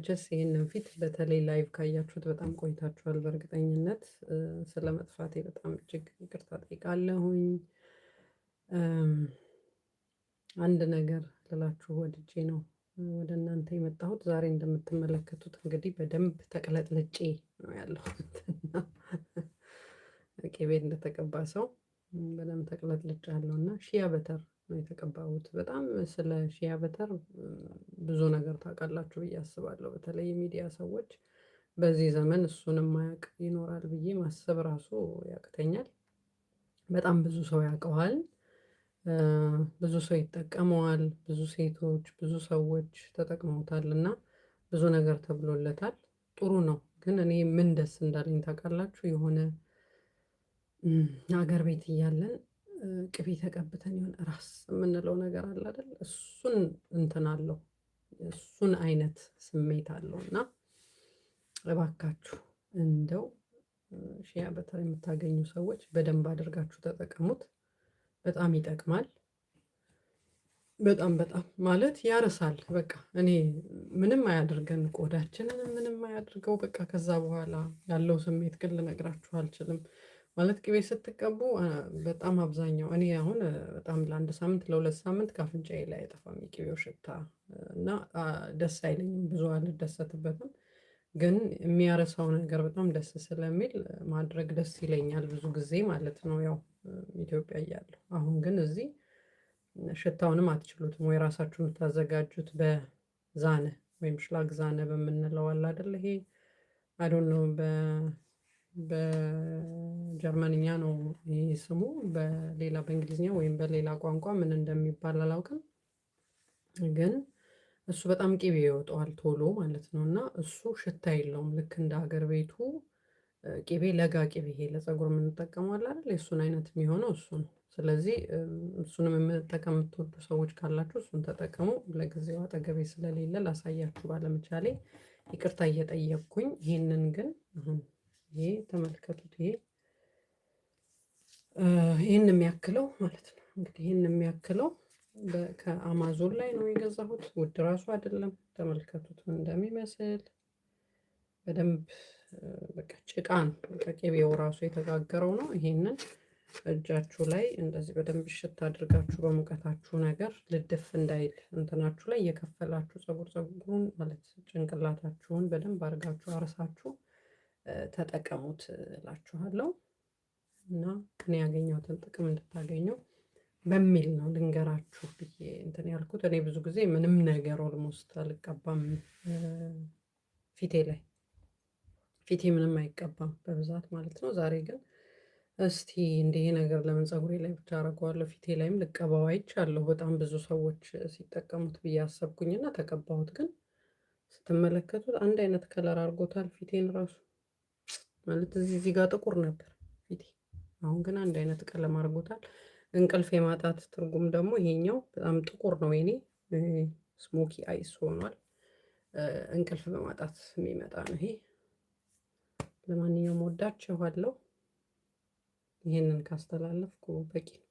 መቼስ ይህንን ፊት በተለይ ላይቭ ካያችሁት በጣም ቆይታችኋል። በእርግጠኝነት ስለ መጥፋቴ በጣም እጅግ ይቅርታ ጠይቃለሁኝ። አንድ ነገር ልላችሁ ወድጄ ነው ወደ እናንተ የመጣሁት ዛሬ። እንደምትመለከቱት እንግዲህ በደንብ ተቅለጥልጬ ነው ያለሁት። ቄቤ እንደተቀባ ሰው በደንብ ተቅለጥልጬ አለውና ሺያ በተር ነው የተቀባሁት። በጣም ስለ ሺያ በተር ብዙ ነገር ታውቃላችሁ ብዬ አስባለሁ። በተለይ የሚዲያ ሰዎች በዚህ ዘመን እሱንም ማያቅ ይኖራል ብዬ ማሰብ ራሱ ያቅተኛል። በጣም ብዙ ሰው ያውቀዋል፣ ብዙ ሰው ይጠቀመዋል፣ ብዙ ሴቶች፣ ብዙ ሰዎች ተጠቅመውታል እና ብዙ ነገር ተብሎለታል። ጥሩ ነው። ግን እኔ ምን ደስ እንዳለኝ ታውቃላችሁ? የሆነ አገር ቤት እያለን ቅቤ ተቀብተን ይሆን ራስ የምንለው ነገር አለ አይደል? እሱን እንትን አለው እሱን አይነት ስሜት አለው እና እባካችሁ እንደው ሺያ በተር የምታገኙ ሰዎች በደንብ አድርጋችሁ ተጠቀሙት። በጣም ይጠቅማል። በጣም በጣም ማለት ያርሳል። በቃ እኔ ምንም አያደርገን ቆዳችንን ምንም አያድርገው። በቃ ከዛ በኋላ ያለው ስሜት ግን ልነግራችሁ አልችልም። ማለት ቅቤ ስትቀቡ በጣም አብዛኛው እኔ አሁን በጣም ለአንድ ሳምንት ለሁለት ሳምንት ከአፍንጫዬ ላይ አይጠፋም የቅቤው ሽታ እና ደስ አይለኝም፣ ብዙ አልደሰትበትም። ግን የሚያረሳው ነገር በጣም ደስ ስለሚል ማድረግ ደስ ይለኛል ብዙ ጊዜ ማለት ነው። ያው ኢትዮጵያ እያለሁ አሁን ግን እዚህ ሽታውንም አትችሉትም ወይ ራሳችሁ የምታዘጋጁት በዛነ ወይም ሽላግ ዛነ በምንለው አለ አይደል? ይሄ አይ ዶንት በ በጀርመንኛ ነው ይህ ስሙ። በሌላ በእንግሊዝኛ ወይም በሌላ ቋንቋ ምን እንደሚባል አላውቅም፣ ግን እሱ በጣም ቅቤ ይወጣዋል ቶሎ ማለት ነው። እና እሱ ሽታ የለውም ልክ እንደ ሀገር ቤቱ ቅቤ፣ ለጋ ቅቤ፣ ይሄ ለፀጉር የምንጠቀመው አይደል? የእሱን አይነት የሚሆነው እሱ ነው። ስለዚህ እሱንም የምንጠቀም የምትወዱ ሰዎች ካላችሁ እሱን ተጠቀሙ። ለጊዜው አጠገቤ ስለሌለ ላሳያችሁ ባለመቻሌ ይቅርታ እየጠየቅኩኝ ይህንን ግን አሁን ይሄ ተመልከቱት። ይሄ ይህን የሚያክለው ማለት ነው እንግዲህ ይህን የሚያክለው ከአማዞን ላይ ነው የገዛሁት። ውድ ራሱ አይደለም። ተመልከቱት እንደሚመስል በደንብ በቃ ጭቃ ነው። በቃ ቅቤው ራሱ የተጋገረው ነው። ይሄንን እጃችሁ ላይ እንደዚህ በደንብ ሽት አድርጋችሁ በሙቀታችሁ ነገር ልድፍ እንዳይል እንትናችሁ ላይ እየከፈላችሁ ጸጉር ጸጉሩን ማለት ጭንቅላታችሁን በደንብ አድርጋችሁ አርሳችሁ ተጠቀሙት እላችኋለሁ። እና እኔ ያገኘሁትን ጥቅም እንድታገኙ በሚል ነው ልንገራችሁ ብዬ እንትን ያልኩት። እኔ ብዙ ጊዜ ምንም ነገር ኦልሞስት አልቀባም ፊቴ ላይ ፊቴ ምንም አይቀባም በብዛት ማለት ነው። ዛሬ ግን እስቲ እንዲህ ነገር ለምን ፀጉሬ ላይ ብቻ አደርገዋለሁ ፊቴ ላይም ልቀባው አይቻለሁ። በጣም ብዙ ሰዎች ሲጠቀሙት ብዬ አሰብኩኝና ተቀባሁት። ግን ስትመለከቱት አንድ አይነት ከለር አድርጎታል ፊቴን ራሱ ማለት እዚህ ጋር ጥቁር ነበር ፊቴ፣ አሁን ግን አንድ አይነት ቀለም አድርጎታል። እንቅልፍ የማጣት ትርጉም ደግሞ ይሄኛው በጣም ጥቁር ነው የኔ ስሞኪ አይስ ሆኗል። እንቅልፍ በማጣት የሚመጣ ነው ይሄ። ለማንኛውም ወዳችኋለሁ። ይህንን ካስተላለፍኩ በቂ ነው።